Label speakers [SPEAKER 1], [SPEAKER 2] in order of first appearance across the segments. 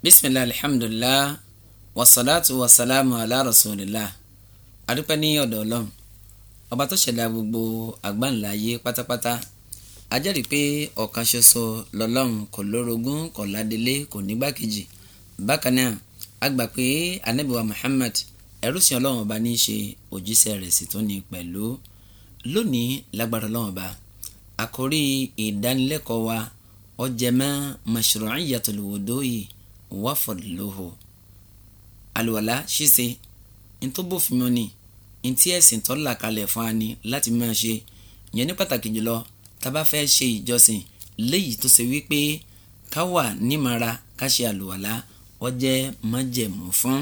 [SPEAKER 1] bisimilahi alhamdulilah wasalaatu wasalaamu ala rasulillah adúpẹ́ ní ọ̀dọ̀ ọlọ́run ọba tó ṣẹ̀dá gbogbo àgbáńláyé pátápátá ajẹ́rìí pé ọ̀kan ṣoṣo lọ́lọ́run kò lórogún kò ládélé kò nígbàkejì bákan náà a gbà pé anabiwa muhammad ẹrú sí ọlọ́run ọba ní í ṣe òjíṣẹ́ rẹ̀ sì tún ní pẹ̀lú lónìí lágbára ọlọ́run ọba àkórí ìdánilẹ́kọ̀ọ́ wa ó jẹ mọ́ mashru'iyyatul wudu'i yìí wàfọ̀dùlóhò àlùwàlá ṣíṣe ntòbófin mu ni ntí ẹ̀sìn tó là kalẹ̀ fún ani láti máa ṣe yẹn ní pàtàkì jùlọ tá bá fẹ́ ṣe ìjọsìn léyìí tó ṣe wípé ká wà nímara ká ṣe àlùwàlá ó jẹ́ májẹ̀mú fún.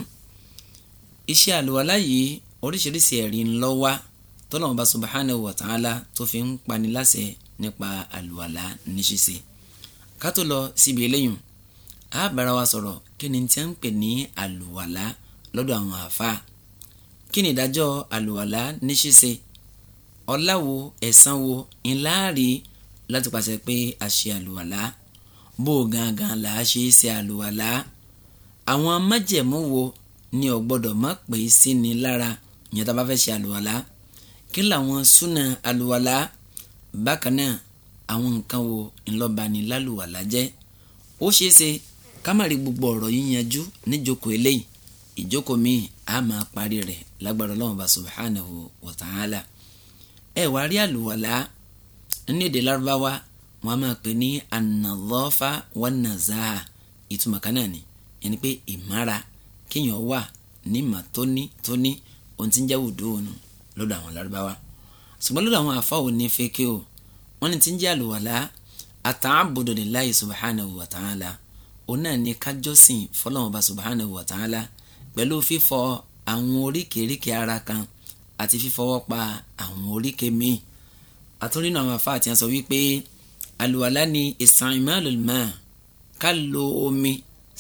[SPEAKER 1] iṣẹ́ àlùwàlá yìí oríṣiríṣi ẹ̀rí ńlọ wá tọ́lọ́mọba subhanahu wa ta'ala tó fi ń pani nípa àlùwàlá ní ká tó lọ síbi eléyìí a bára wa sọ̀rọ̀ kí ni tí a ń pè ní àlùwàlá lọ́dọ̀ àwọn àfa kí ni ìdájọ́ àlùwàlá ní ṣíṣe ọlá wo wo ńláàrí láti pàṣẹ pé a ṣe àlùwàlá bó gangan là á ṣe é ṣe àlùwàlá àwọn májẹ̀mú wo ni ò gbọ́dọ̀ má pè é sí ni lára ìyẹn tá a bá fẹ́ ṣe àlùwàlá kí làwọn súnà àlùwàlá bákan náà àwọn nǹkan wo ńlọba ni lálùwàlá jẹ́ ó ṣeé ṣe kámàrí gbogbo ọ̀rọ̀ yìí yanjú níjókòó eléyìí ìjókòó míì á máa parí rẹ̀ lágbára Ọlọ́run bá subhanahu wa ta'ala ẹ wá rí àlùwàlá ní èdè lárúbáwá wọn a máa pè ní anadhafa wa nazaha ìtumọ̀ kan náà ni yẹn ni pé ìmára kéèyàn wà ní mà tóní tóní ohun tí ń jẹ́ wùdú òun lọ́dọ̀ àwọn lárúbáwá ṣùgbọ́n lọ́dọ̀ àwọn afáwò ní fẹ́kẹ́ o wọ́n ti ń jẹ́ àlùwàlá àtàbùdó lillahi subhanahu wa ta'ala òun náà ni kájọ́sìn fọlọ́run ọba subhanahu wa ta'ala pẹ̀lú fífọ àwọn oríkèéríkèé ara kan àti fífọwọ́ pa àwọn oríkèé míì àtúndínú àwọn afá àti àsọ wípé àlùwàlá ni isti'malul ma ká lo omi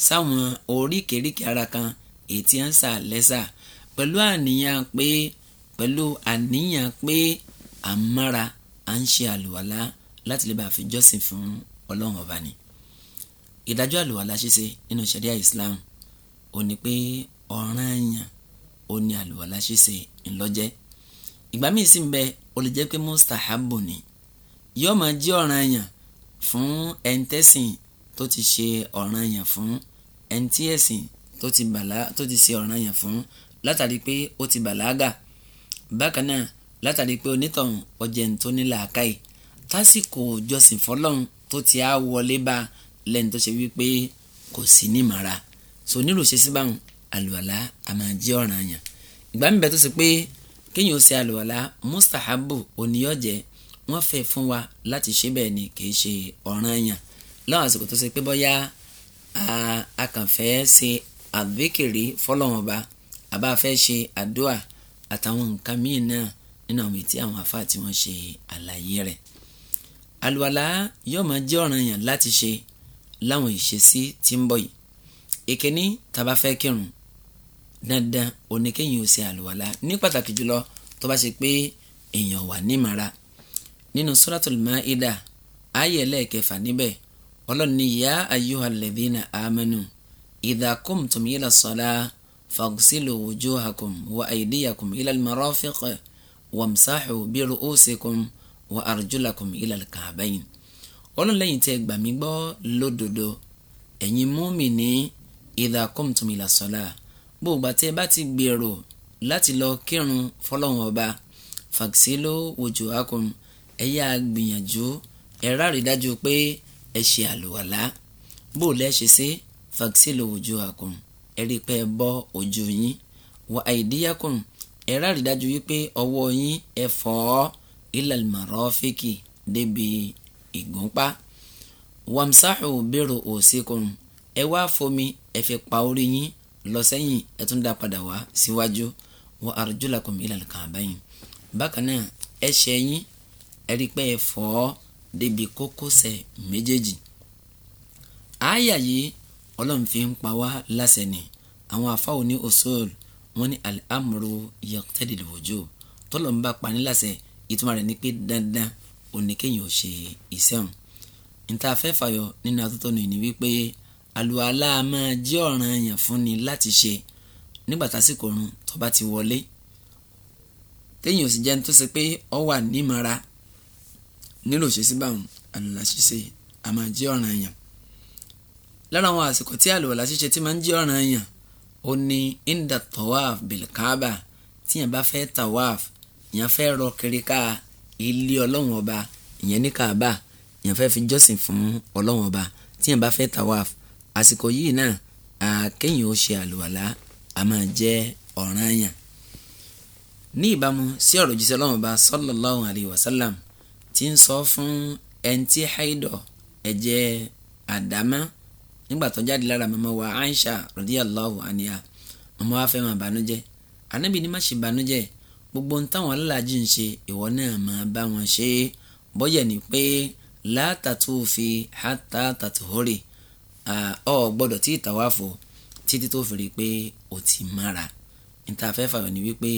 [SPEAKER 1] sáwọn oríkèéríkèé ara kan ètí à ń sà lẹ́sà pẹ̀lú àníyàn pé pẹ̀lú àníyàn pé à ń à ń ṣe àlùwàlá láti lè bá a fún ọlọ́run ọba ni ìdájọ́ àlùwàlá ṣíṣe nínú ṣẹ̀ríà Islam ò ní pé ọ̀ranyàn ò ní àlùwàlá ṣíṣe ńlọ́jẹ́ ìgbà míì sì ń bẹ ó lè jẹ́ pé mustahabu ni yóò máa jí ọ̀ranyàn fún ẹ̀ńtẹ́sìn tó ti ṣe ọ̀ranyàn fún ẹ̀ńtíẹ̀sìn tó ti bàlá tó ti ṣe ọ̀ranyàn fún látàrí pé ó ti bàlágà bákan náà látàrí pé onítọ̀hún ọjẹ́ ń tó ní làákàyè tásìkò jọsìn fọlọ́run tó ti á wọlé bá a lẹ́ni tó ṣe wípé kò sí nímọ̀ra so nílò ṣe sí báwọn àlùwàlá a máa jẹ́ ọ̀ranyàn ìgbà mi bẹ́ẹ̀ tó ṣe pé kéèyàn ó ṣe àlùwàlá mustahabu oníyọ̀jẹ́ wọ́n fẹ́ fún wa láti ṣe bẹ́ẹ̀ ni kì í ṣe ọ̀ranyàn láwọn àsìkò tó ṣe pé bọ́yá a kàn fẹ́ ṣe àbíkèrè fọlọ́wọ́n ba àbá fẹ́ ṣe àdúà àtàwọn nǹkan míì náà nínú àwọn ètí àwọn àfáà tí wọ́n ṣe àlàyé rẹ̀ àlùwàlá yóò máa jẹ́ ọ̀ranyàn láti ṣe láwọn ìṣesí tí ń bọ̀ yìí ìkíní tàbá fẹ́ kírun dandan oníkéyìn ò ṣe àlùwàlá ní pàtàkì jùlọ tó bá ṣe pé èèyàn wà nímara nínú suratul Maida ayé ẹlẹ́ẹ̀kẹfà níbẹ̀ ọlọ́ni ya ayyuhal ladhina amanu idha qumtum ila sala faghsilu wujuhakum wa aydiyakum ila al-marafiq wamsahu bi ru'usikum wa arjulakum ila al-ka'bayn ọlọ́lẹ́yìn tí ẹ gbà mí gbọ́ lódodo ẹ̀yin mùmínì idha qumtum ila sọ́lá bó o bá tẹ́ bá ti gbèrò láti lọ kírun fọlọ́hun ọba fàksílò wujuhakum ẹ yá gbìyànjú ẹ rárí dájú pé ẹ ṣe àlùwàlá bó o lẹ́ ṣe sí fàksílò wujuhakum ẹ rí pé ẹ bọ́ ojú yín wa aydiyakum ẹ rárí dájú wípé ọwọ́ yín ẹ fọ̀ ọ́ ilal marafiki débi ìgúnpá wàmsáhù bírò òsíkùn ẹ wá fomi ẹ fi pa orí yín lọ sẹ́yìn ẹ tún dá padà wá síwájú wọ àrùjúlàkùn ilal kàbáyìn bákan náà ẹ ṣe yín ẹ rí pé ẹ fọ̀ ọ́ débi kókósẹ̀ méjèèjì àáyà yìí ọlọ́run fi ń pa wá láṣẹ ni àwọn afáwọn ní usul wọn ní al-amru yaqtadi al-wujub ń bá pa ní láṣẹ ìtumọ̀ rẹ̀ ni pé dandan òní kéèyàn ṣe ìṣẹ́hùn níta fẹ́ fàyọ nínú atótó ni ni wípé àlùwàlá máa jẹ́ ọ̀ranyàn fún ni láti ṣe nígbà tásìkò ọ̀run tó bá ti wọlé téèyàn ò sì jẹun tó ṣe pé ọ wà nímọ̀ra nílò ṣe sí báwọn àlùwàlá ṣíṣe a máa jẹ́ ọ̀ranyàn lára àwọn àsìkò tí àlùwàlá ṣíṣe ti máa ń jẹ́ ọ̀ranyàn ó ní inda tawaf bilkaaba tíyẹn bá fẹ́ tawaf ìyẹn fẹ́ rọ kiri káa ilé ọlọ́run ọba ìyẹn ní kaaba yẹn fẹ́ fi jọ́sìn fún ọlọ́run ọba tí yẹn bá fẹ́ tawaf àsìkò yìí náà àkẹ́yìn ó ṣe àlùwàlá a máa jẹ́ ọ̀ranyàn. ní ìbámu sí ọ̀rọ̀ jíṣẹ́ ọlọ́run ọba sallallahu alayhi wa sallam ti ń sọ fún ẹni tí haidọ̀ ẹ̀jẹ̀ àdámá nígbà tó jáde lára màmá wa Aisha radiyallahu anha màmá wa fẹ́ máa bànújẹ́ Ànábì ní má ṣe bànújẹ́ gbogbo ń táwọn alálàájì ń ṣe ìwọ náà máa bá wọn ṣe é bọ́yẹ̀ ni pé látàtú fi hátà tàtúhórè ọ gbọ́dọ̀ tí ìtàwáfò títí tó fi rí i pé ó ti mára níta afẹ́fà ni wípé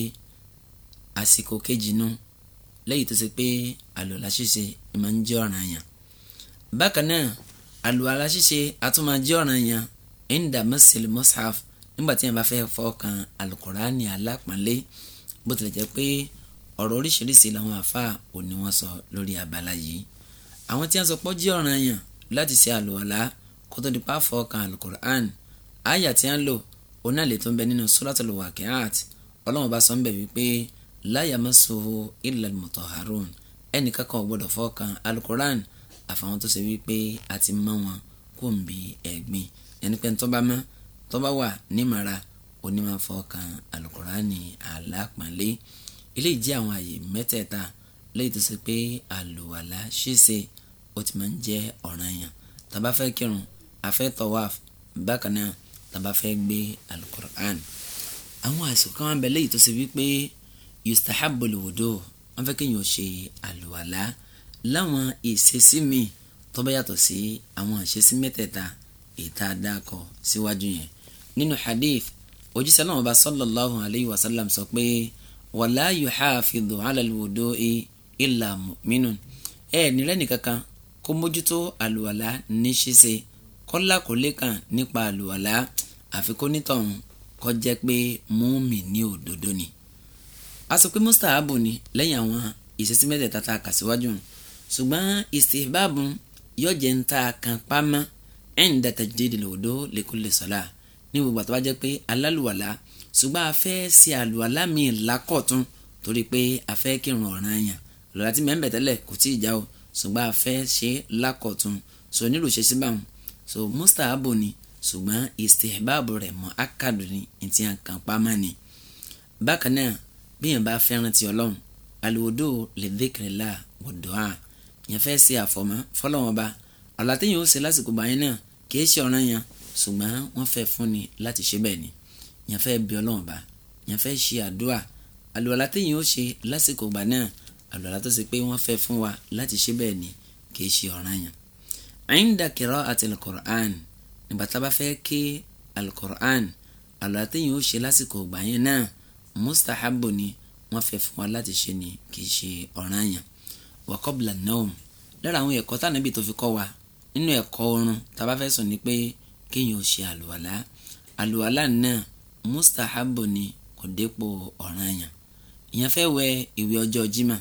[SPEAKER 1] àsìkò kejì nu lẹ́yìn tó ṣe pé àlùwàlá ṣíṣe máa ń jẹ́ ọ̀ranyàn bákan náà àlùwàlá ṣíṣe àtúmọ̀ jẹ́ ọ̀ranyàn ẹ̀ńdà mọ́sẹ̀lẹ̀ mọ́sáf nígbà yẹn bá fẹ́ fọ́ kan alukurani alápọ̀nlé bó tilẹ̀ jẹ́ pé ọ̀rọ̀ oríṣiríṣi làwọn àáfàá òní wọ́n sọ lórí abala yìí àwọn tí a sọ pọ́ jí ọ̀ranyàn láti ṣe àlùwàlá kó tó di pàfọ́ kan alukur'an àyà tí a ń lò òun náà lè tún bẹ nínú suratul waqi'at ọlọ́run bá sọ ń bẹ̀ wípé la yamassuhu illa al-mutahharun ẹnìkan kan ò gbọ́dọ̀ fọ́ kan alukur'an àfàwọn tó ṣe wípé a ti mọ́ wọn kó ń bi ẹ̀gbin ẹni pé ń tọ́ bá mọ́ tọ́ bá wà nímọ̀ra onímọ̀fọ́kàn alukurani alápọ̀nlé eléyìí jẹ́ àwọn àyè mẹ́tẹ̀ẹ̀ta léyìí tó ṣe pé àlùwàlá ṣíṣe ó ti máa ń jẹ́ ọ̀ranyàn tá bá fẹ́ kírun a fẹ́ tawaf bákan náà tá bá fẹ́ gbé alukur'an àwọn àsìkò kan bẹ léyìí tó ṣe wípé yustahabul wudu wọ́n fẹ́ kéèyàn ṣe àlùwàlá láwọn ìṣesí mi tó yàtọ̀ sí àwọn ìṣesí mẹ́tẹ̀ẹ̀ta èyí dákọ̀ síwájú yẹn nínú hadith òjíṣẹ́ náà bá sallallahu alayhi wa sallam sọ pé wala yuhafidhu ala al-wudu'i illa mu'minun ẹ nírẹ́ nìkankan kó mójútó àlùwàlá ní ṣíṣe kọ́lá kò lékàn nípa àlùwàlá àfi kó nítọ̀hún kó jẹ́ pé múmi ní òdodo ni. a sọ pé ni lẹ́yìn àwọn ìṣesí mẹ́tẹ̀ẹ̀ta tá a kà síwájú ṣùgbọ́n istihbabu yọjẹ́ ń ta kan pamọ́ inda tajdidil wudu li ní gbogbo àtọ́wá jẹ́ pé alálùwàlá ṣùgbọ́n a fẹ́ ṣe àlùwàlá mi lákọ̀tún torí pé a fẹ́ kírun ọ̀ràn yàn lọ́la tí mẹ́ńbẹ̀ tẹ́lẹ̀ kò tí ì já o ṣùgbọ́n a fẹ́ ṣe lákọ̀tún so nílò ṣe sí báwọn so mustahabu ni ṣùgbọ́n istihbabu rẹ̀ mọ́ akadu ni ìtì àǹkàn pamọ́ ni bákan náà bíyàn bá fẹ́ràn ti ọlọ́run aliwodo lè dékèrèlá wòdùá yẹn fẹ́ ṣe àfọ̀mọ́ fọlọ́wọ́n ba ọ̀làtẹ̀yìn ó ṣe lásìkò báyìí náà kì í ṣe ọ̀ràn yẹn ṣùgbọ́n wọ́n fẹ́ fún ni láti ṣe bẹ́ẹ̀ ni yẹn fẹ́ bí ọlọ́run bá yẹn fẹ́ ṣe àdúrà àlùwàlá téèyàn ó ṣe lásìkò ìgbà náà àlùwàlá tó ṣe pé wọ́n fẹ́ fún wa láti ṣe bẹ́ẹ̀ ni kì í ṣe ọ̀ranyàn. àyíǹda kìrọ́ àti alukur'an nígbà tá a bá fẹ́ ké alukur'an àlùwàlá téèyàn ó ṣe lásìkò ìgbà yẹn náà mustahabu ni wọ́n fẹ́ fún wa láti ṣe ni kì í ṣe ọ̀ranyàn. wa qabla naum lára àwọn ẹ̀kọ́ tánàbì tó fi kọ́ wa nínú ẹ̀kọ́ oorun tá a bá fẹ́ sùn ni pé kéèyàn ó ṣe àlùwàlá àlùwàlá náà mustahabu ni kò dépò ọ̀ranyàn ìyẹn fẹ́ wẹ ìwẹ̀ ọjọ́ jimá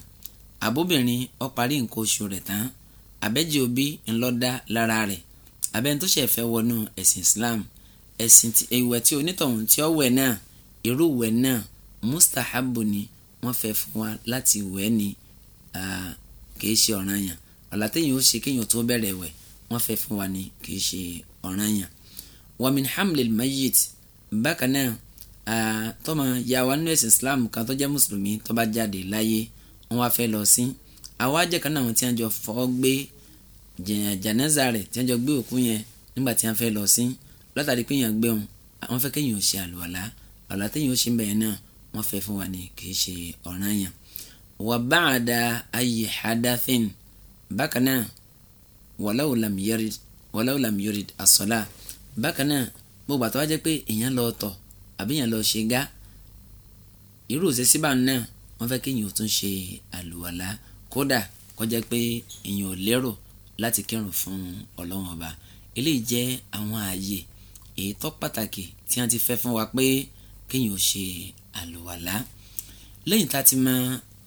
[SPEAKER 1] àbóbìnrin ó parí nǹkan oṣù rẹ̀ tán abẹ́jì òbí ńlọ́dá lára rẹ̀ abẹ́ni tó ṣẹ̀ fẹ́ wọnú ẹ̀sìn Islam ẹ̀sìn ìwẹ̀ tí onítọ̀hún tí ó wẹ̀ náà irú wẹ̀ náà mustahabu ni wọ́n fẹ́ fún wa láti wẹ̀ ni kìí ṣe ọ̀ranyàn ọ̀làtẹ̀yìn ó ṣe kéèyàn tó bẹ̀rẹ̀ wẹ̀ wọ́n fẹ́ fún wa ni kìí ṣe ọ̀ranyàn wàmín hamlil mayit bákan náà tọ́mọ yàwá nínú ẹ̀sìn islam kan tó jẹ́ mùsùlùmí tó bá jáde láyé wọn wá fẹ́ lọ sí àwọn ajẹ́ kan náà wọn ti ń jọ fọ́ gbé jẹ̀nẹ́sà rẹ̀ ti ń jọ gbé òkú yẹn nígbà tí wọn fẹ́ lọ sí látàrí pé èèyàn gbẹ̀hùn àwọn fẹ́ kéèyàn ṣe àlùwàlá àlùwàlá téèyàn ṣe ń náà wọ́n fẹ́ fún wa ní kìí ṣe ọ̀ràn yẹn. wà bá a da ayé hadathin bákan náà wàláwò lam yurid bákan náà gbogbo àtọ́wá jẹ́ pé èèyàn lọ tọ̀ àbí èèyàn lọ ṣe gá irú òṣèṣì bá náà wọ́n fẹ́ kéèyàn ò tún ṣe àlùwàlá kódà kó jẹ́ pé èèyàn ò lérò láti kírun fún ọlọ́wọ́n ọba eléyìí jẹ́ àwọn ààyè èyí tó pàtàkì tí wọ́n ti fẹ́ fún wa pé kéèyàn ò ṣe àlùwàlá lẹ́yìn tá a ti mọ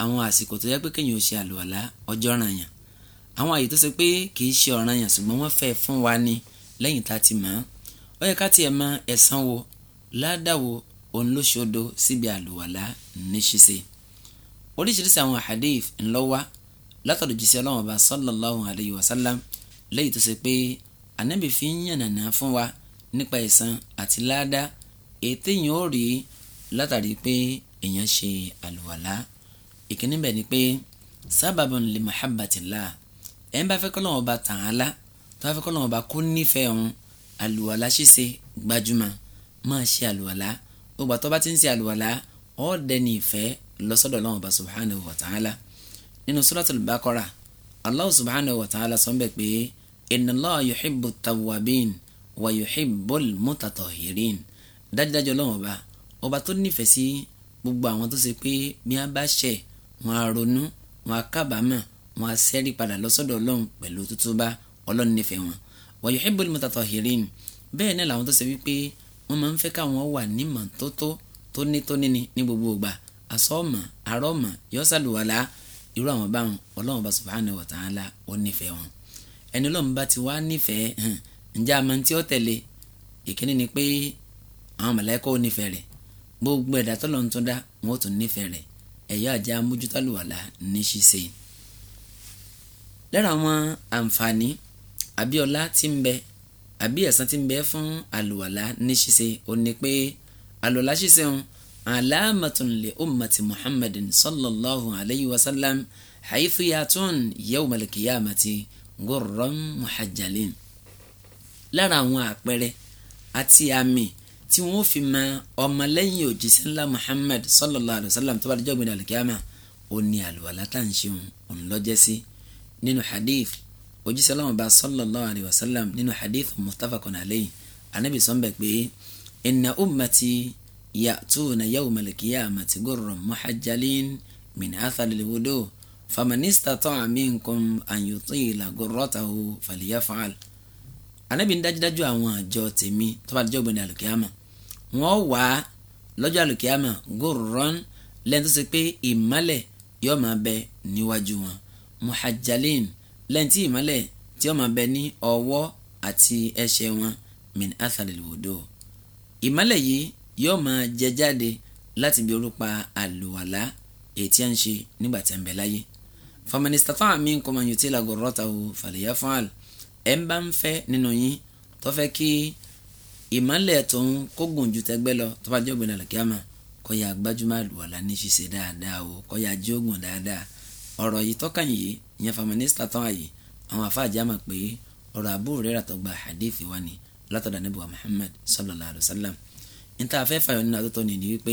[SPEAKER 1] àwọn àsìkò tó yẹ pé kéèyàn ò ṣe àlùwàlá ọjọ́ ọ̀ràn àwọn àyè tó ṣe pé kì í ṣe ọ̀ràn ṣùgbọ́n wọ́n fẹ́ fún wa ni lẹ́yìn tá a ti mọ̀ ọ́ ó yẹ ká tiẹ̀ mọ ẹ̀san wo ládàá wo òun ló ṣodo síbi àlùwàlá níṣìṣe oríṣiríṣi àwọn hadith ńlọ́wá látọ̀dọ̀ jíṣẹ́ ọlọ́run ọba sallallahu alayhi wa sallam lẹ́yìn tó ṣe pé ànábì fi ń yànnàná fún wa nípa ẹ̀san àti ládàá ètè yìí ó rí látàrí pé èèyàn ṣe àlùwàlá ìkíní bẹ̀ ni pé sábàbùn li mahabbatillah ẹ̀ ń bá fẹ́ kọ́ lọ́wọ́ ọba tàn án lá tó bá fẹ́ kọ́ lọ́wọ́ ọba kó nífẹ̀ẹ́ òun àlùwàlá ṣíṣe gbajúmọ̀ máa ṣe àlùwàlá gbogbo àtọ́ bá ti ń ṣe àlùwàlá ọ̀ọ́dẹ ní ìfẹ́ lọ́sọ̀dọ̀ Ọlọ́hun Ọba subhanahu wa ta'ala nínú suratul Baqara Allah subhanahu wa ta'ala sọ bẹ́ẹ̀ pé inna Allah yuhibbu tawwabin wa yuhibbul mutatahhirin dájúdájú Ọlọ́hun Ọba ọba tó nífẹ̀ẹ́ sí gbogbo àwọn tó ṣe pé bí wọ́n bá ṣẹ̀ wọ́n á ronú wọ́n á kábàámọ̀ wọ́n á ṣẹ́rí padà lọ́sọ̀dọ̀ Ọlọ́hun pẹ̀lú tútúbá Ọlọ́hun nífẹ̀ẹ́ wọn wa yuhibbul mutatahhirin bẹ́ẹ̀ náà làwọn tó ṣe wípé wọ́n máa ń fẹ́ káwọn wà ní mọ́tótó tóní tóní ni ní gbogbo ìgbà asọ́ọ̀mà arọ́ọ̀mà yọ́sàlùwàlà irú àwọn báwọn ọlọ́run bá subhanahu wa ta'ala ó nífẹ̀ẹ́ wọn ẹni ọlọ́run bá ti wá nífẹ̀ẹ́ hàn ǹjẹ́ àmọ́ tí ó tẹ̀lé ìkíní ni pé àwọn màláíkà ó nífẹ̀ẹ́ rẹ̀ gbogbo ẹ̀dá tó lọ́n tún dá wọn ó tún nífẹ̀ẹ́ rẹ̀ ẹ̀yọ́ àjẹ́ amójútàlùwàlà ní ṣíṣe. lára àwọn àǹfààní àbí ọlá tí ń bẹ àbí ẹ̀san tí ń bẹ fún àlùwàlá ní ṣíṣe ó ní pé àlùwàlá ṣíṣe ń alaamatun li ummati muhammadin sallallahu alayhi wa sallam haythu yatun yawmal qiyamati ghurran muhajjalin lára àwọn àpẹẹrẹ àti àmì tí wọ́n fi mọ ọmọlẹ́yìn òjíṣẹ́ ńlá muhammad sallallahu alayhi wa sallam tó bá dé jọ́gbìn al ó ní àlùwàlá tá à ń ṣe òun lọ́jẹ́ sí nínú hadith òjíṣẹ́ ọlọ́run bá sallallahu alayhi wa sallam nínú hadith muttafaqun alayhi anabi sọ́nbẹ̀ pé inna ummati ya'tuna yawmal qiyamati ghurran muhajjalin min atharil wudu faman istata'a minkum an yutila ghurratahu falyaf'al. anabi ń dájúdájú àwọn àjọ tèmi tó bá dijọ́ gbẹ̀dẹ̀ àlùkìyàmà wọ́n wà lọ́jọ́ àlùkìyàmà ghurran lẹ́yìn tó ṣe pé ìmálẹ̀ yóò lẹ́ǹtì ìmọ́lẹ̀ tí ó máa bẹ ní ọwọ́ àti ẹsẹ̀ wọn min athalil wudu ìmọ́lẹ̀ yìí yóò máa jẹ jáde láti bí orúpa àlùwàlá ètí à ń ṣe nígbà tí a ń bẹ láyé faman istata'a minkum an yutila ghurratahu falyaf'al ẹ̀ ń bá ń fẹ́ nínú yín tó fẹ́ kí ìmọ́lẹ̀ tó ń kógun ju tẹgbẹ́ lọ tó bá jẹ́ ògbìn àlùkìyàmà kó yá gbájúmọ́ àlùwàlá ní ṣíṣe dáadáa o kó yá jógun dáadáa ọ̀rọ̀ yìí tọ́kàn yìí ìyẹn fàmínísítà tán àyè àwọn àfáàjà mọ̀ pé ọ̀rọ̀ Abu Hurairah tó gba hadithi wa ni látọ̀dọ̀ Ànábì wa Muhammad sallallahu alayhi wa sallam níta afẹ́ fàyọ̀ nínú àtọ́tọ́ ni wípé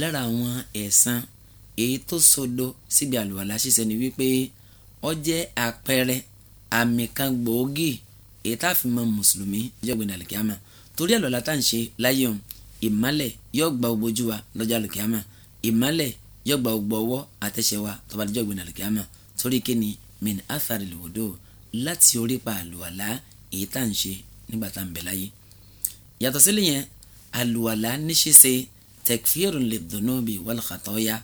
[SPEAKER 1] lára àwọn ẹ̀san èyí tó sodo síbi àlùwàlá ṣíṣe ni wípé ó jẹ́ àpẹẹrẹ àmì kan gbòógì èyí tá a fi mọ mùsùlùmí ọjọ́ gbẹ̀dẹ̀ àlùkìyàmà torí àlùwàlá tá à ń ṣe láyé òun ìmálẹ̀ yóò gba ojú wa lọ́jọ́ àlùkìyàmà ìmálẹ̀ yóò gba gbogbo ọwọ́ wa tó bá dé ọjọ́ torí kíni min athari lòdò láti orí pa àlùwàlá èyí tá à ń ṣe nígbà tá à ń bẹ láyé yàtọ̀ sílẹ̀ yẹn àlùwàlá níṣẹ́ ṣe tẹkfírun lè dùnú bí wàlùkàtọ́yà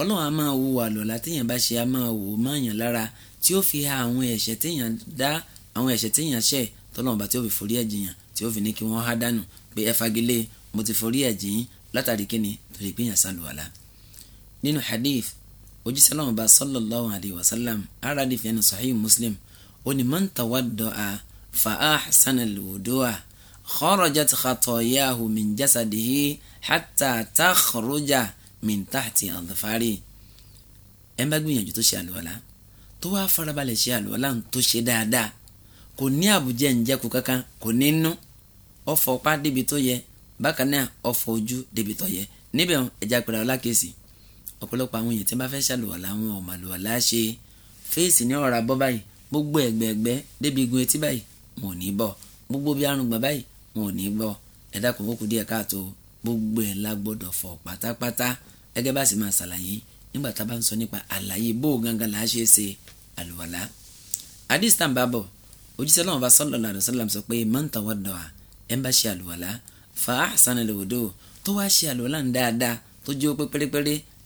[SPEAKER 1] ọlọ́run a máa wo àlùwàlá téèyàn bá ṣe a máa wò máàyàn lára tí ó fi ha àwọn ẹ̀ṣẹ̀ téèyàn dá àwọn ẹ̀ṣẹ̀ téèyàn ṣẹ̀ tọ́lọ́mọba tí ó fi forí ẹ̀jìn yàn tí ó fi ní kí wọ́n há dànù pé ẹ fagilé mo ti forí ẹ̀jìn látàrí kíni torí pé sálùwàlá nínú hadith ojúṣe náà bá sallallahu alayhi wa sallam ara ní fìyànjú sahih muslim ó ní man tawadda'a fa ahsana al-wudu'a kharajat khatayahu min jasadihi hatta takhruja min tahti adfari ẹ bá gbìyànjú tó ṣe àlùwàlá tó wá farabalẹ̀ ṣe àlùwàlá tó ṣe dáadáa kò ní àbújá ǹjẹ́kù kankan kò ní nú ọ̀fọ̀ ọ̀pá débi tó yẹ bákan náà ọ̀fọ̀ ojú débi tó yẹ níbẹ̀ ẹja pẹ̀lú alákèsì ọ̀pọ̀lọpọ̀ àwọn èèyàn tí wọ́n bá fẹ́ ṣàlùwàlá wọn ò màlùwàlá ṣe fèsì ní ọ̀rá bọ́ báyìí gbogbo ẹ̀gbẹ̀ẹ̀gbẹ́ débi igun etí báyìí wọn ò ní bọ̀ gbogbo bí arùngbọ̀n báyìí wọn ò ní bọ̀ ẹ̀dá kò kókó díẹ̀ káàtó gbogbo ẹ̀ la gbọ́dọ̀ fọ̀ pátápátá gẹ́gẹ́ bá sì máa ṣàlàyé nígbà tá a bá ń sọ nípa àlàyé bó gangan là á ṣe ṣe àlùwàlá. hadith tàn bá bọ̀ òjíṣẹ́ náà bá sallallahu alaihi wasallam sọ pé man tawadda'a ẹ̀ ń bá ṣe àlùwàlá fa ahsana al-wudu tó wá ṣe àlùwàlá ń dáadáa tó jó pé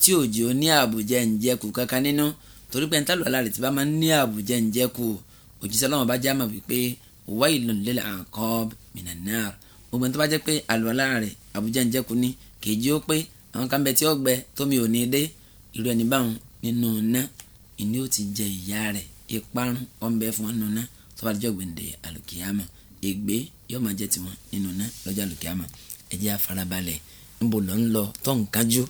[SPEAKER 1] tí òjò ní àbùjẹ ǹjẹkù kankan nínú torí pé ntàlù aláàrẹ tí bá máa ń ní àbùjẹ ǹjẹkù òjíṣẹ́ Ọlọ́run bá jáàmà wípé wailun lil aqab minan nar gbogbo ntọ́ bá jẹ́ pé àlùwàlá rẹ̀ àbùjẹ ǹjẹkù ní kejì ó pé àwọn kan bẹ tí ó gbẹ tómi ò ní dé irú ẹni báwọn nínú ná ìní ó ti jẹ ìyá rẹ̀ ìparun ọ̀nbẹ fún wọn ná tó bá jẹ́ gbèǹde àlùkìyàmà níbo lọ́ ń lọ tó ń kájú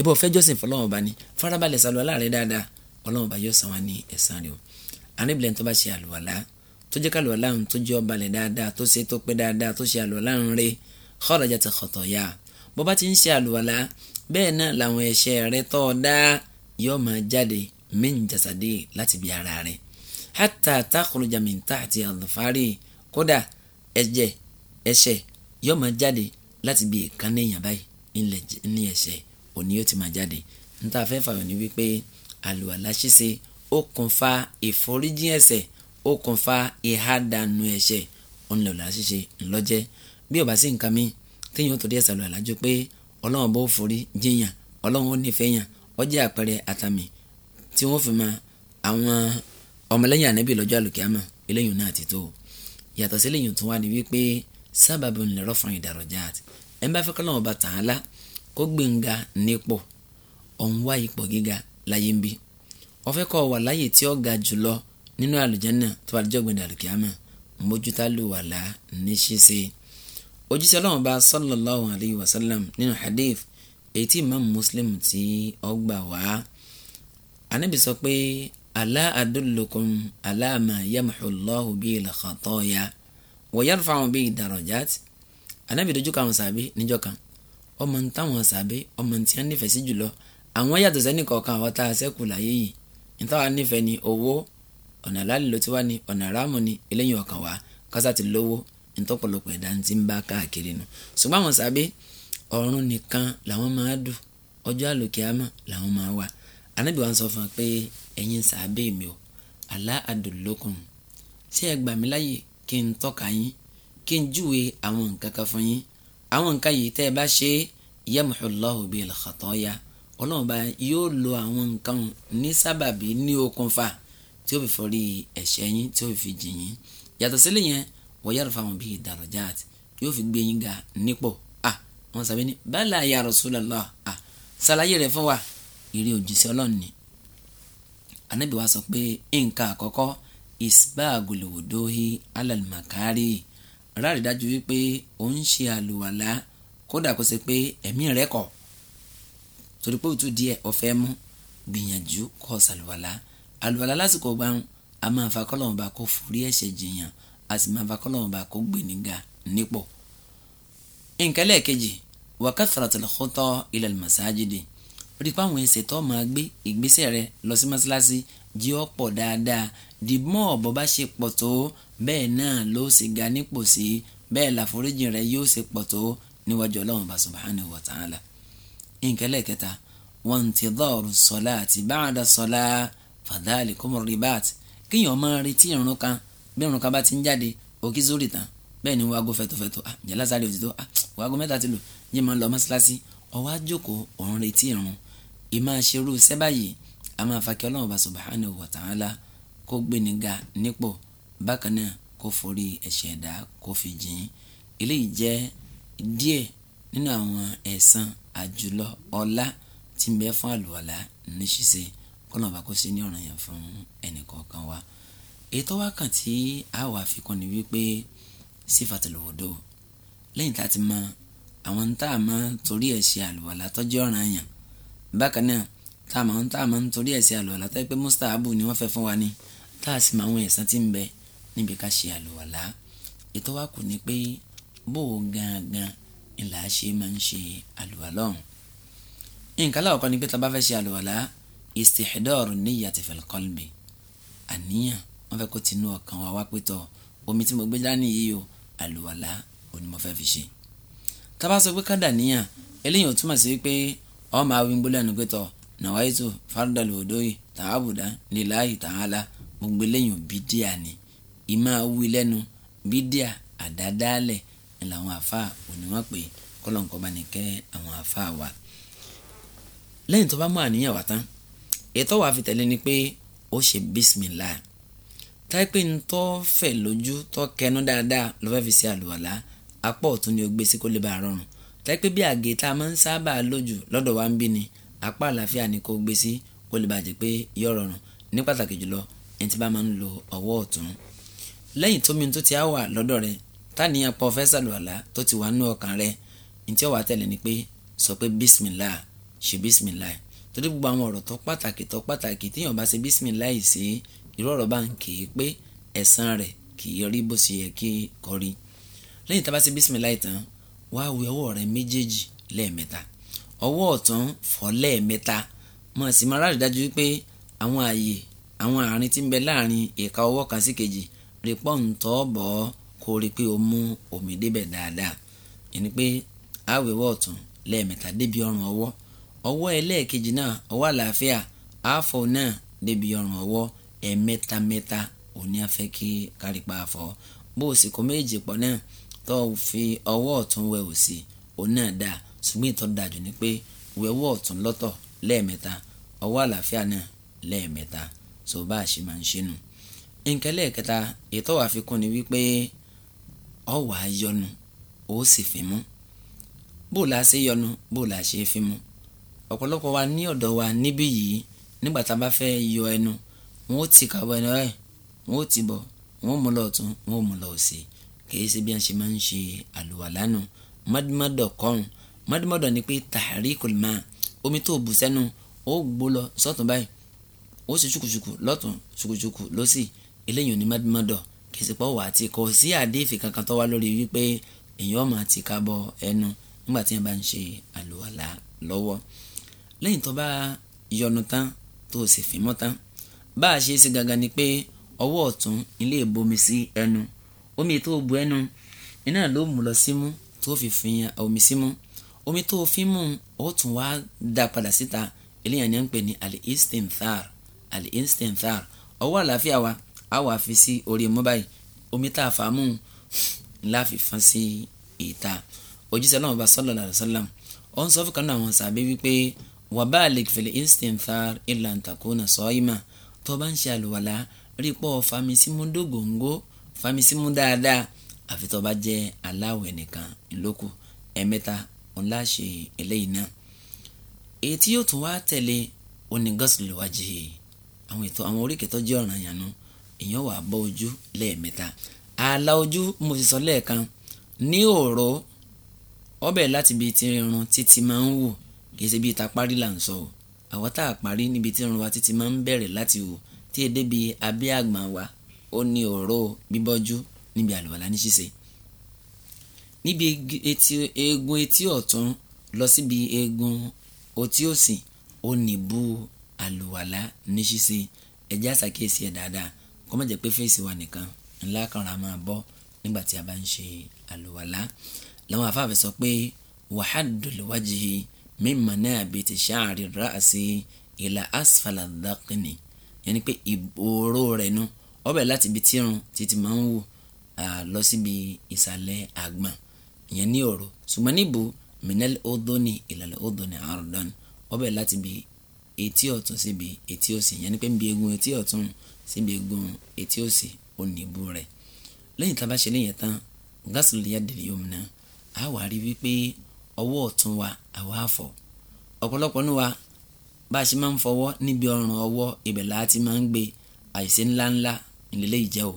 [SPEAKER 1] ìbò fẹ́ jọ́sìn fọlọ́run ọba ni farabalẹ̀ ṣàlùwàlá rẹ dáadáa ọlọ́run ọba yóò san wa ní ẹ̀san rẹ o àníbìlẹ̀ tó bá ṣe àlùwàlá tó jẹ́ kàlùwàlá ń tó jẹ́ ọbalẹ̀ dáadáa tó ṣe tó pé dáadáa tó ṣe àlùwàlá ń re kharajat khataaya bó bá ti ń ṣe àlùwàlá bẹ́ẹ̀ náà làwọn ẹ̀ṣẹ̀ rẹ tó dá yóò máa jáde min jasadi láti bí ara rẹ hatta takhruja min tahti adfari kódà ẹ̀jẹ̀ ẹ̀ṣẹ̀ yóò máa jáde láti bí ìkànnì èèyàn báyìí ńlẹ̀ ẹ̀ṣẹ̀ òní yóò ti máa jáde níta fẹ́ fààyàn ní wípé àlùwàlá ṣíṣe okùnfà ìforíjì ẹ̀ṣẹ̀ okùnfà ìhádànù ẹ̀ṣẹ̀ ònlọ́lá ṣíṣe ńlọ́jẹ́ bí ó bá sí nǹkan mi téèyàn tó dé ẹ̀ṣẹ̀ àlùwàlá jù pé ọlọ́run bó forí jiyàn ọlọ́run ó nífẹ̀ẹ́ yàn ó jẹ́ àpẹẹrẹ àtàmì tí wọ́n fi ma àwọn ọmọlẹ́yìn ànábì lọ́jọ́ àlùkìyàmọ̀ eléyìí náà ti tó yàtọ̀ sí eléyìí tó wá ní wípé sábàbí ńlẹ̀rọ̀ fún ìdàrọ̀jà ẹ̀ ń bá fẹ́ kó gbẹ̀ngà nípò ọ̀hún wá ipò gíga láyé ń bí ó fẹ́ kọ́ wà láyè tí ó ga jùlọ nínú àlùjánnà tó bá dijọ́ gbẹ̀dẹ̀ àlùkìyámà mójútá ló wà lá ní ṣíṣe ojúṣe ọlọ́run bá sallallahu alayhi wa sallam nínú hadith èyí tí imam muslim ti ọgbà wá anabi sọ pé ala adullukum ala ma yamhu Allahu bil khataya wa yarfa'u bi darajat anabi dojú kan àwọn sàbí níjọ́ kan ọmọ ń táwọn sàbẹ́ ọmọ ń tí wọ́n nífẹ̀ẹ́ sí jùlọ àwọn yàtọ̀ sẹ́ni kọ̀ọ̀kan àwọn tá a ṣẹ́kù láyé yìí ní táwa nífẹ̀ẹ́ ni owó ọ̀nà láàlì ló ti wá ni ọ̀nà ráàmù ni eléyìí ọ̀kan wá kásá ti lówó ntọ́pọ̀lọpọ̀ ẹ̀dá ti ń bá káàkiri nu ṣùgbọ́n àwọn sàbẹ́ ọ̀run nìkan làwọn máa dù ọjọ́ àlòkíámà làwọn máa wà anábì wa sọ fún pé ẹ̀yin sàbẹ́ mi o àlá àdùlókun ṣé ẹ gbà mí láyè kí n tọ́ka yín kí n júwe àwọn nǹkan kan fún yín àwọn nǹkan yìí tẹ́ ẹ bá ṣe yamhu Allahu bil khataya ọlọ́run bá yóò lo àwọn nǹkan ní sábàbí ní okùnfà tí ó fi forí ẹ̀ṣẹ̀ yín tí ó fi jì yín yàtọ̀ sílẹ̀ yẹn wa yarfa'u bihi darajat yóò fi gbé yín ga nípò à wọn sàbẹ̀ ní bala ya Rasulallah à sàlàyé rẹ̀ fún wa ìrì òjìṣẹ́ ọlọ́run ni anabi sọ pé nǹkan àkọ́kọ́ isbagul wuduhi alal ráàrí dájú wípé ò ń ṣe àlùwàlá kódà kó ṣe pé ẹ̀mí rẹ kọ̀ torí pé òtún díẹ̀ ọ̀fẹ́ mú gbìyànjú kọ́ ṣàlùwàlá àlùwàlá lásìkò gbàrún a máa fa kọ́lọ́hún bá kó forí ẹ̀ṣẹ̀ jìyàn a sì máa fa kọ́lọ́hún bá kó gbèníga nípò. nǹkan lẹ́ẹ̀kejì wa kathratul khuta ila al-masajidi rí pàwọn ẹsẹ̀ tó máa gbé ìgbésẹ̀ rẹ lọ sí mọ́ṣáláṣí jí ó dáadáa the more bó bá ṣe pọ̀ tó bẹ́ẹ̀ náà ló sì ga nípò sí bẹ́ẹ̀ làforíjì rẹ̀ yóò ṣe pọ̀ tó níwájú ọlọ́run bá subhanahu wa ta'ala. ìǹkẹ́lẹ̀ kẹta wọn ti dọ́ọ̀rù sọlá àti báàdà sọlá fàdáàlì kọ́mọ̀ ribat kíyàn máa retí ìrun kan bí ìrun kan bá ti ń jáde òkí zórí tán bẹ́ẹ̀ ni wàá go fẹ̀tọ̀fẹ̀tọ̀ à ah, ǹjẹ́ lásàrè òtítọ́ à ah, wàá go mẹ́ta ti lò yín máa lọ mọ́ṣáláṣí ọwọ́ àjòkó òun retí ìrun ìmáa ṣerú sẹ́bàyìí a máa ọlọ́run bá subhanahu wa ta'ala kó gbéni nípò bákan náà kó forí ẹ̀ṣẹ̀ dá kó fi jìn eléyìí jẹ́ díẹ̀ nínú àwọn ẹ̀san àjùlọ ọlá tí ń bẹ fún àlùwàlá ní ṣíṣe kọ́nà kó sí ní ọ̀ràn yẹn fún ẹnìkọ̀ọ̀kan wa ètò wákàtí àwọn àfikún ni wípé sífàtìlù wòdò lẹ́yìn tá a ti mọ àwọn tá a máa torí ẹ̀ ṣe àlùwàlá tọ́jú ọ̀ràn yẹn bákan náà tá a máa ń tá a máa torí ẹ̀ ṣe àlùwàlá tọ́jú pé mustahabu ni wọ́n fẹ́ fún wa ni tá a sì máa ń wọ tí ń bẹ níbi ká ṣe àlùwàlá ètò wa kù ni pé bó o gangan ńlá ṣe máa ń ṣe àlùwàlá ọ̀hún. nǹkan láwọ̀ kan ni pé tá a bá fẹ́ ṣe àlùwàlá ìsìḥdọ́ọ̀rù níyàtì fil qalbi àníyàn wọ́n fẹ́ kó tinú ọkàn wa wá pé tọ̀ omi tí mo gbé dání yìí o àlùwàlá òní mo fẹ́ fi ṣe. tá a bá sọ pé ká dàníyàn eléyìí ò túmọ̀ sí pé ọ́ máa wí gbólẹ̀ nu pé tọ̀ nàwáyé tó fardal wudu'i tààbùdá níláyì tààlà gbogbo eléyìí ò bídíà ni ìmọ̀ awi lẹ́nu bídíà àdádálẹ̀ ni làwọn àfa òní wọn pè kọ́lọ́nkọ́ bá ní kẹ́ àwọn àfa wa. lẹ́yìn tó bá mú àníyàn wá tán ètò wàá fi tẹ̀lé ni pé ó ṣe bísímìlá táìpé ń tọ́ fẹ̀ lójú tọ́ kẹnu dáadáa ló fi ṣe àlùwàlá apá ọ̀tún ni ó gbé sí kó lè bá a rọrùn táìpé bí àgé tá a máa ń sábà lójú lọ́dọ̀ wa ń bí ni apá àlàáfíà ni kó gbé sí kó lè bàjẹ́ pé yọ̀ rọrùn ní pàtàkì jùlọ ẹni tí bá máa ń lo ọwọ́ ọ̀tún lẹ́yìn tómi tó ti á wà lọ́dọ̀ rẹ táníyàn pọfẹ́sà lọ́la tó ti wà nú ọkàn rẹ ní tí tẹ̀lé ni pé sọ pé bismillah ṣe bismillah torí gbogbo àwọn ọ̀rọ̀ tó pàtàkì tó pàtàkì téèyàn bá ṣe bismillah sí irú ọ̀rọ̀ bá ń kì í pé ẹ̀san rẹ̀ kì í rí bó ṣe yẹ kí kọ́ rí lẹ́yìn tá a bá ṣe bismillah tán wá wẹ ọwọ́ rẹ méjèèjì lẹ́ẹ̀mẹ́ta ọwọ́ ọ̀tún fọ̀ lẹ́ẹ̀mẹ́ta mo sì máa rárí dájú pé àwọn ààyè àwọn àárín tí ń bẹ láàrin ìka ọwọ́ kan sí kejì rí pọ́ǹtọ́ bọ̀ ọ́ kó rí pé o mú omi débẹ̀ dáadáa ẹni pé àwẹ̀wọ̀ ọ̀tún lẹ́ẹ̀mẹ́ta débi ọrùn ọwọ́ ọwọ́ ẹlẹ́ẹ̀kejì náà ọwọ́ àlàáfíà àfọ náà débi ọrùn ọwọ́ ẹ̀mẹ́tamẹ́ta òní afẹ́ kí kárípa àfọ bó o sì kó méjì pọ̀ náà tó o fi ọwọ́ ọ̀tún wẹ òsì òun náà dáa ṣùgbọ́n ìtọ́ dájú ni pé wẹ ọwọ́ ọ̀tún lọ́tọ̀ lẹ́ẹ̀mẹ́ta ọwọ́ àlàáfíà náà lẹ́ẹ̀mẹ́ta so bá a ṣe máa ń ṣe nù nkẹlẹ́ kẹta ètò àfikún ni wípé ọ wà ó sì fi bó la ṣe yọnu bó la ṣe fi ọ̀pọ̀lọpọ̀ wa ní ọ̀dọ̀ wa níbí yìí nígbà tá a bá fẹ́ yọ ẹnu wọn ó ti kàwé ẹnu ẹ wọn ó ti bọ̀ wọn ó mú lọ ọ̀tún wọn ó mú lọ òsì kìí ṣe bí wọn ṣe máa ń ṣe àlùwàlá nù mọ́dúnmọ́dọ̀ kọ́run mọ́dúnmọ́dọ̀ ni pé tahrikul ma omi tó bù sẹ́nu ó gbó lọ sọ́tún báyìí ó sì ṣùkùṣùkù lọ́tún ṣùkùṣùkù lọ́sì eléyìí ò ní mọ́dọ̀ kì í sì pọ̀ wá tí kò sí àdéhìfì kankan tó wá lórí wípé èèyàn máa ti kábọ̀ ẹnu nígbà tí yẹn bá ń ṣe àlùwàlà lọ́wọ́ lẹ́yìn tó bá yọnu tán tó o sì fín mọ́ tán bá a ṣe é sí gangan ni pé ọwọ́ ọ̀tún ilé ìbomi sí ẹnu omi tó bu ẹnu iná ló mú lọ símú tó fi fin omi símú omi tó fi mú ó tún wá dá padà síta eléyàn ni à ń pè ní al-istinthar al-istinthar ọwọ́ àlàáfíà wa a wà fi sí orí mú báyìí omi tá a fà á mú ńlá fi fan sí ìta òjíṣẹ́ náà bá sọ́lọ̀ làrá sọ́lọ̀ ó ń sọ fún kanáà wọn sàbí wípé wà bá àlè fèlè istinthar illa ntakuna sọ́ọ́yìmà tó bá ń ṣe àlùwàlá rí pọ̀ famisimu dógòǹgó famisimu dáadáa àfi tó bá jẹ́ aláwẹ̀ nìkan ńlọ́kù ẹ̀mẹ́ta ńlá ṣe eléyìí náà èyí tí yóò tún wá tẹ̀lé onígọ́sìlúwájì àwọn ètò àwọn oríkèé tó jẹ́ ọ̀ranyàn náà èèyàn wà bọ́ ojú lẹ́ẹ̀mẹ́ta ààlà ojú mo ti sọ lẹ́ẹ̀kan ní òòró ọbẹ̀ láti ibi tí irun títí máa ń wò kì í ṣe bíi ta parí là ń sọ o àwọn tá a parí níbi tí irun wa títí máa ń bẹ̀rẹ̀ láti wò tí èdè bíi abẹ́ àgbọ̀n wa ó ní òòró bíbọ́jú níbi àlùwàlá ní ṣíṣe níbi etí eegun etí ọ̀tún lọ síbi eegun otí òsì ó nìbú àlùwàlá ní ṣíṣe ẹ̀já ṣàkíyèsí ẹ̀ dáadáa kó má jẹ́ pé fèsì wa nìkan ńlá kanra máa bọ́ nígbà tí a bá ń ṣe àlùwàlá làwọn afáàfẹ́ sọ pé wàhádùl wájhi mímọ̀ náà bíi ti ṣáàrì ráàsì ìlà asfàlà dákìnì yẹn ni pé ìbòòró rẹ̀ nu ọbẹ̀ láti ibi tírun títí máa ń wù lọ síbi ìsàlẹ̀ àgbọ̀n ìyẹn ní òrò ṣùgbọ́n níbo minel odoni ìlàlẹ̀ odoni àrùdán ọbẹ̀ láti ibi etí ọ̀tún síbi etí òsì yẹn ni pé ń bi egun etí ọ̀tún síbi egun etí òsì ó ní ibú rẹ̀ lẹ́yìn tá a bá ṣe léyìn tán ghasl yadil yumna á wà rí wípé ọwọ́ ọ̀tún wa àwa àfọ̀ ọ̀pọ̀lọpọ̀ ní wa bá a ṣe máa ń fọwọ́ níbi ọrùn ọwọ́ ibẹ̀ la ti máa ń gbé àìsí ńláńlá ìlélẹ́ ìjẹ́ o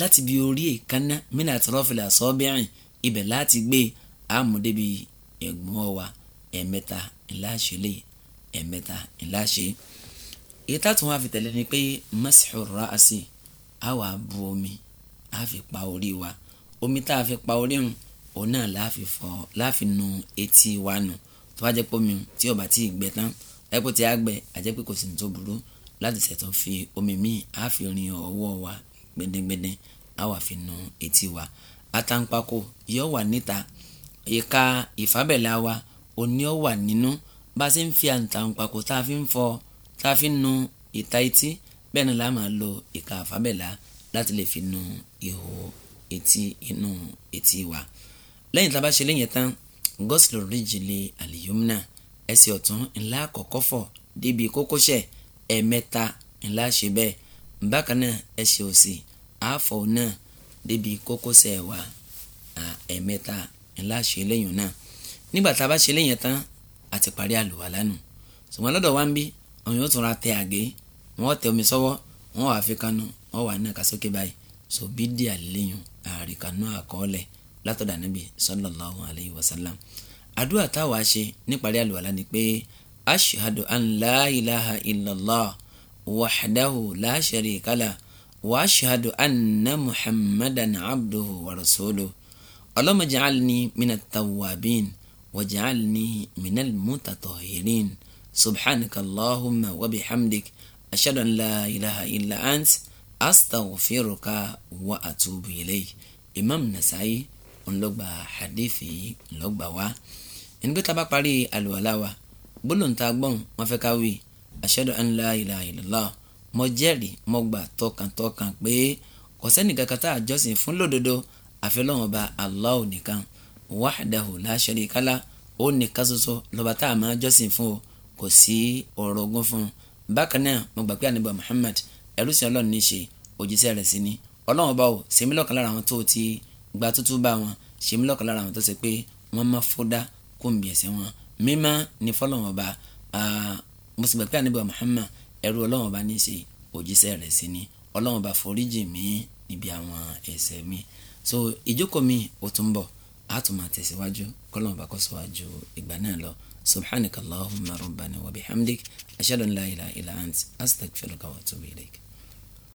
[SPEAKER 1] láti bi orí èékánná mínà tọrọfìlà sọ́ọ́bẹ̀rìn ibẹ̀ láti gbé àmúdébi ẹ̀gbọ́n wa ẹ̀mẹ́ta ńlá ẹ̀mẹ́ta ńlá ṣe èyí tátùn wá fi tẹ̀lé ni pé masihu ra'asi á wà bu omi á fi pa orí wa omi tá a fi pa orí hùn òun náà láàfin fọ láàfin nu etí wa nù tó bá jẹ́ pé omi tí ó bá ti gbẹ tán ẹ̀pọ̀ tí a gbẹ àjẹ́ pé kò sì ní tó burú láti ṣètò fi omi míì á fi rin ọwọ́ wa gbedengbede á wà fi nu etí wa àtàǹpàkò yóò wà níta ìka ìfábẹ̀lá wa òní ó wà nínú. No bá a ṣe ń fi àǹtàǹpàkò tá a fi ń fọ tá a fi ń nu ìta etí bẹ́ẹ̀ ni láà lo ìka àfábẹ́là láti lè fi nu ihò etí inú etí wa lẹ́yìn tá a bá ṣe léyìn tán gọ́sìlò ríjìlì àlìyómìnà ẹsẹ̀ ọ̀tún ńlá àkọ́kọ́ fọ̀ débi kókósẹ̀ ẹ̀mẹ́ta ńlá ṣe bẹ́ẹ̀ bákan náà ẹsẹ̀ òsì àáfọ̀ náà débi kókósẹ̀ wa ẹ̀mẹ́ta ńlá ṣe léyìn náà nígbà tá a bá ṣe léyìn tán àti parí àlùwàlá nù ṣùgbọ́n lọ́dọ̀ wa ń bí àwọn yóò tún ra tẹ àgé wọ́n tẹ omi sọ́wọ́ wọ́n wàá fi kanú wọ́n wàá nàka sókè báyìí so bí di àlẹ́yìn àríkanú àkọọ́lẹ̀ látọ̀dà níbi sallallahu alayhi wa sallam àdúrà táwa ṣe níparí àlùwàlá ni pé ashhadu an la ilaha illallah wahdahu la sharika lah wa ashhadu anna muhammadan abduhu wa rasuluhu allahumma ja'alni minat waj'alni minal mutatahirin subhanaka allahumma wa bihamdik ashhadu an la ilaha illa ant astaghfiruka wa atubu ilayk imam nasaayi ńlọgba hadithi ńlọgba wa ẹni pé tábà parí àlùwàlá wa gbólóǹta gbọ́n wọn fẹ́ ká wí ashhadu an la ilaha illallah mo jẹ́rìí mo gbà tọkàntọkàn pé kò sẹ́nìkan kan tá a jọ́sìn fún lódodo àfi Ọlọ́hun Ọba Allah nìkan wahdahu la sharika la ó nìkan ṣoṣo lọ́ba tá a máa jọ́sìn fún o kò sí orogún fún un bákan náà mo gbà pé àníbà Muhammad ẹrú sí ọlọ́run ní í ṣe òjíṣẹ́ rẹ̀ sí ni ọlọ́run bá o sèmi lọ́kàn lára àwọn tó ti gba tútú bá wọn sèmi lọ́kàn lára àwọn tó ṣe pé wọ́n máa fọ́dá kó ń bìẹ̀sẹ̀ wọn mímá ni fọlọ́run ọba mo sì gbà pé àníbà Muhammad ẹrú ọlọ́run ọba ní í ṣe òjíṣẹ́ rẹ̀ sí ni ọlọ́run ọba foríjì mí níbi àwọn ẹ̀ṣẹ̀ mi so ìjókòó mi ò tún bọ̀ a tún máa tẹ̀síwájú kọ́lọ́n bá kọ́ síwájú ìgbà náà lọ subhanakallahumma rabbana wa bihamdik ashhadu an la ilaha ant astaghfiruka wa atubu ilaik.